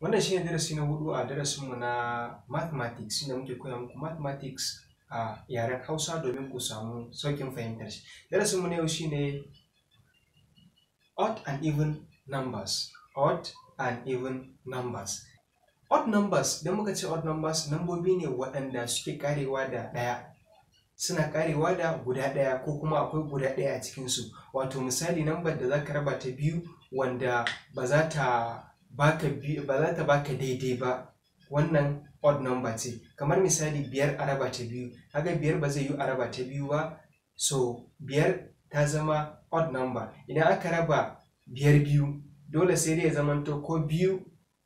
Wannan shine darasi na hudu a darasinmu na mathematics inda muke koya muku mathematics a yaren Hausa domin ku samu saukin fahimtar shi. Darasinmu na yau shi ne odd and even numbers. Odd and even numbers. Odd numbers, idan muka ce odd numbers, nambobi ne waɗanda suke karewa da ɗaya. Suna karewa da guda ɗaya ko kuma akwai guda ɗaya a cikinsu. Wato misali nambar da za ka raba ta biyu wanda ba za ta ba za ta baka daidai ba wannan odd number ce kamar misali biyar a ta biyu haka biyar ba zai yi araba ta biyu ba so biyar ta zama odd number idan aka raba biyar biyu dole sai dai ya zamanto ko biyu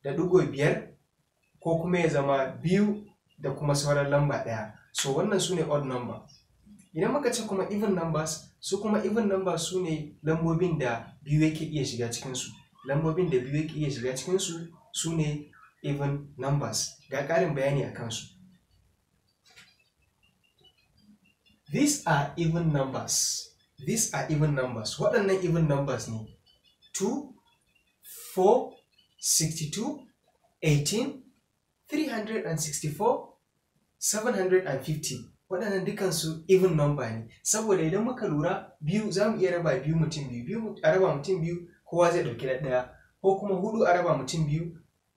da digo biyar ko kuma ya zama biyu da kuma sauran lamba ɗaya so wannan su ne odd number idan muka ce kuma even numbers su kuma even numbers su ne lambobin da biyu yake iya shiga cikinsu lambobin da biyu yake iya shiga cikinsu su ne even numbers ga ƙarin bayani a kansu these are even numbers these are even numbers waɗannan even numbers ne 2 4 62 18 364 750 waɗannan dukansu even number ne saboda idan muka lura biyu za mu iya raba biyu mutum biyu biyu a raba mutum biyu kowa zai ɗauki na ɗaya ko kuma hudu a raba mutum biyu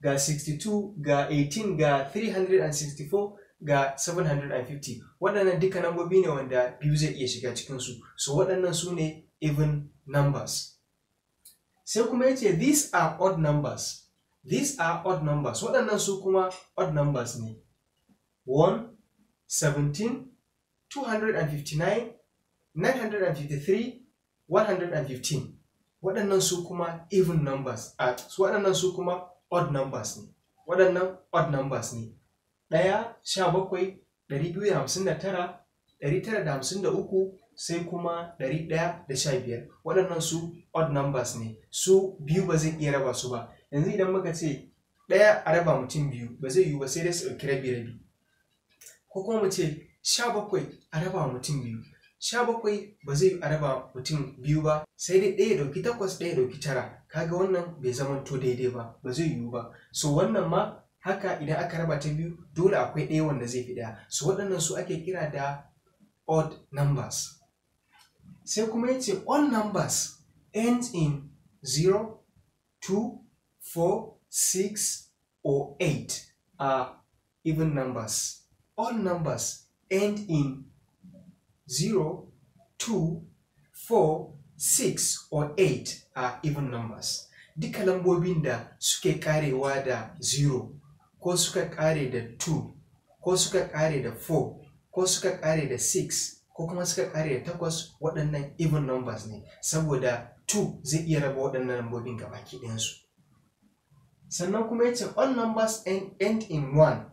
ga 62 ga 18 ga 364 ga 750 waɗannan duka nambobi ne wanda biyu zai iya shiga cikinsu so waɗannan su ne even numbers sai kuma ya ce these are odd numbers these are odd numbers waɗannan su kuma odd numbers ne 1 17 259 953 115 waɗannan su kuma even numbers a su waɗannan su kuma odd numbers ne waɗannan odd numbers ne ɗaya sha bakwai ɗari biyu da hamsin da tara ɗari tara da hamsin da uku sai kuma ɗari ɗaya da sha biyar waɗannan su odd numbers ne su biyu ba zai iya raba su ba yanzu idan muka ce ɗaya a raba mutum biyu ba zai yiwu ba sai dai su ɗauki rabi rabi ko kuma mu ce sha bakwai a raba mutum biyu sha bakwai ba zai a raba mutum biyu ba sai dai ɗaya ɗauki takwas ɗaya ɗauki tara kaga wannan bai to daidai ba ba zai yiwu ba so wannan ma haka idan aka raba ta biyu dole akwai ɗaya wanda zai fi ɗaya so waɗannan su ake kira da odd numbers sai kuma yace all numbers ends in 0 2 4 6 or 8 are even numbers all numbers end in 0, 2, 4, 6 or 8 are even numbers. Dika lambobin da suke karewa da 0 ko suka kare da 2 ko suka kare da 4 ko suka kare da 6 ko kuma suka kare da 8 waɗannan even numbers ne saboda 2 zai iya raba waɗannan lambobin gaba ɗinsu. Sannan kuma ya ce all numbers end in 1,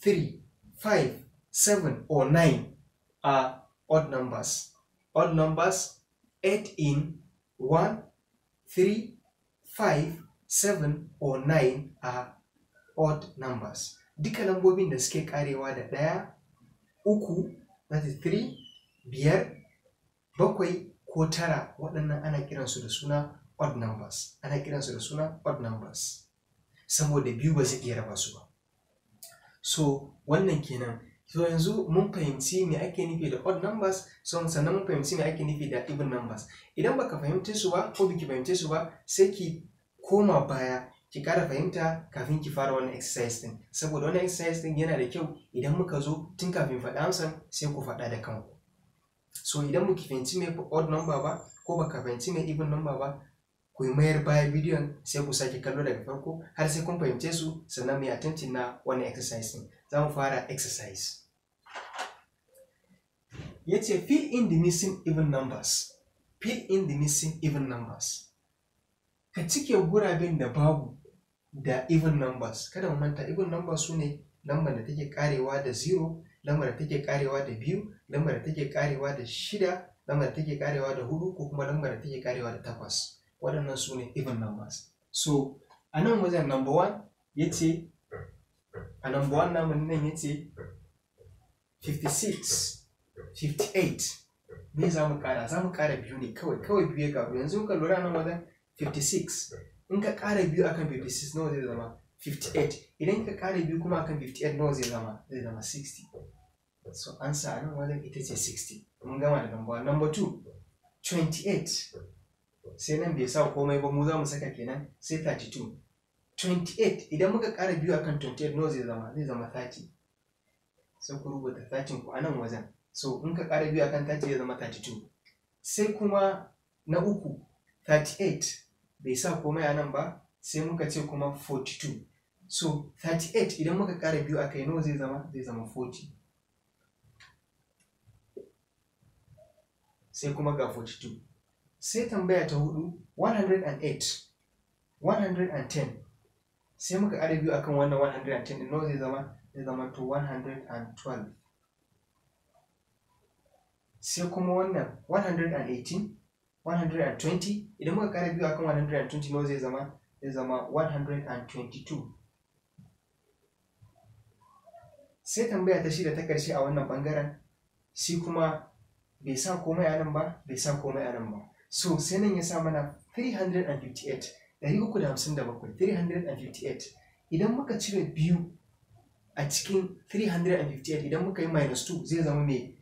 3, 5, 7 or 9 are odd numbers. Odd numbers 8 in 1, 3, 5, 7 or 9 are odd numbers. Duka lambobin da suke karewa da ɗaya, uku, that is 3, biyar, bakwai ko tara waɗannan ana kiransu da suna odd numbers. Ana kiransu da suna odd numbers. Saboda biyu ba zai iya raba su ba. So, wannan kenan so yanzu mun fahimci me ake nufi da odd numbers so sannan mun fahimci me ake nufi da even numbers idan baka fahimce su ba ko biki fahimce su ba sai ki koma baya ki kara fahimta kafin ki fara wannan exercise din saboda wannan exercise din yana da kyau idan muka zo tun kafin faɗa amsan sai ku faɗa da kanku so idan muki fahimci me odd number ba ko baka fahimci me even number ba ku mayar baya bidiyon sai ku sake kallo daga farko har sai kun fahimce su sannan mu yi attempting na wani exercise din za fara exercise yet ce fill in the missing even numbers fill in the missing even numbers ka cike guraben da babu da even numbers kada mu manta even numbers su ne lambar da take karewa da zero lambar da take karewa da biyu lambar da take karewa da shida lambar da take karewa da hudu ko kuma lambar da take karewa da takwas waɗannan su ne even numbers so a nan wajen number one ya ce a number one namun nan ya ce 56 58 ne za mu kara za mu kara biyu ne kawai kawai biyu ya gabu yanzu ka lura nan wajen 56 in ka kara biyu akan 56 nawa zai zama 58 idan ka kara biyu kuma akan 58 nawa zai zama zai zama 60 so ansa a nan wajen ita ce 60 mun gama da number number 2 28 sai nan bai sa komai ba mu za mu saka kenan sai 32 28 idan muka kara biyu akan 28 nawa zai zama zai zama 30 sai ku rubuta 30 ku a nan wajen so in ka ƙara biyu akan 30 zai zama 32 sai kuma na uku 38 bai sa komai a nan ba sai muka ce kuma 42 so 38 idan muka ƙara biyu a kai nawa zai zama zai zama 40 sai kuma ga 42 sai tambaya ta hudu 108 110 sai muka ƙara biyu akan wannan 110 din nawa zai zama zai zama to 112 sai kuma wannan 118 120 idan muka kara biyu akan 120 nawa zai zama zai zama 122 sai tambaya ta da ta karshe a wannan bangaren shi kuma bai sa komai a nan ba bai sa komai a nan ba so sai nan ya sa mana 358 357 358 idan muka cire biyu a cikin 358 idan muka yi minus 2 zai zama mai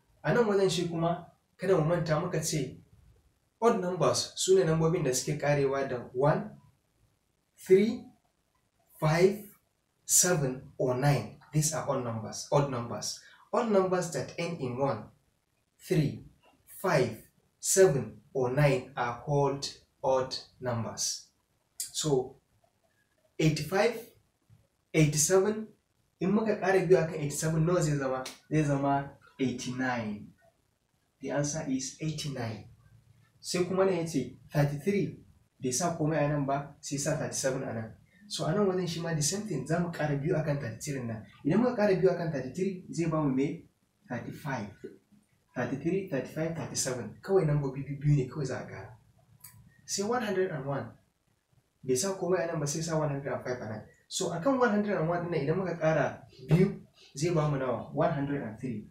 a nan wajen shi kuma kada mu manta muka ce odd numbers su ne nambobin da suke karewa da 1 3 5 7 or 9 these are odd numbers odd numbers odd numbers that end in 1 3 5 7 or 9 are called odd numbers so 85 87 in muka ƙara biyu akan 87 nawa zai zama zai zama 89 the answer is 89 sai kuma na yace 33 bai sa komai a nan ba sai sa 37 a nan so anan nan wajen shi ma the same thing za mu ƙara biyu akan 33 nan idan muka ƙara biyu akan 33 zai ba mu me 35 33 35 37 kawai nan gobe biyu ne kawai za a gara sai 101 bai sa komai a nan ba sai sa 105 a nan so akan 101 ɗin idan muka ƙara biyu zai ba mu nawa 103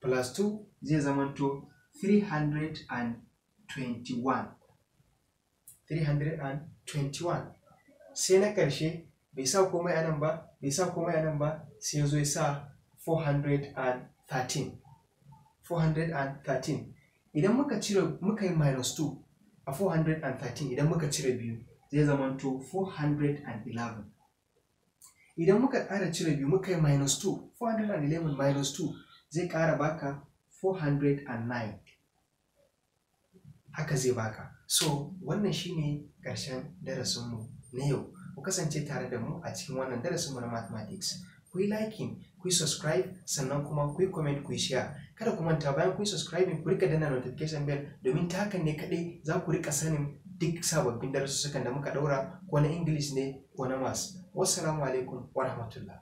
plus 2 zai zama 321 321 sai na ƙarshe bai sa komai a nan ba bai sa komai a nan ba sai zo ya sa 413 413 idan muka cire muka yi minus 2 a 413 idan muka cire biyu zai zamanto 411 idan muka ƙara cire biyu muka yi minus 2 411 minus 2 zai ƙara baka 409 haka zai baka so wannan shine ƙarshen darasinmu na yau ku kasance tare da mu a cikin wannan darasinmu na mathematics ku yi liking ku yi subscribe sannan kuma ku yi comment ku yi share kada ku manta bayan ku yi subscribe ku rika danna notification bell domin ta hakan ne kaɗai za ku rika sanin duk sababbin sukan da muka ɗaura ko na english ne ko na mas wassalamu alaikum wa rahmatullah